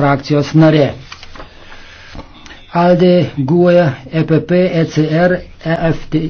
frakcijos narė. Alde, GUE, EPP, ECR, EFT,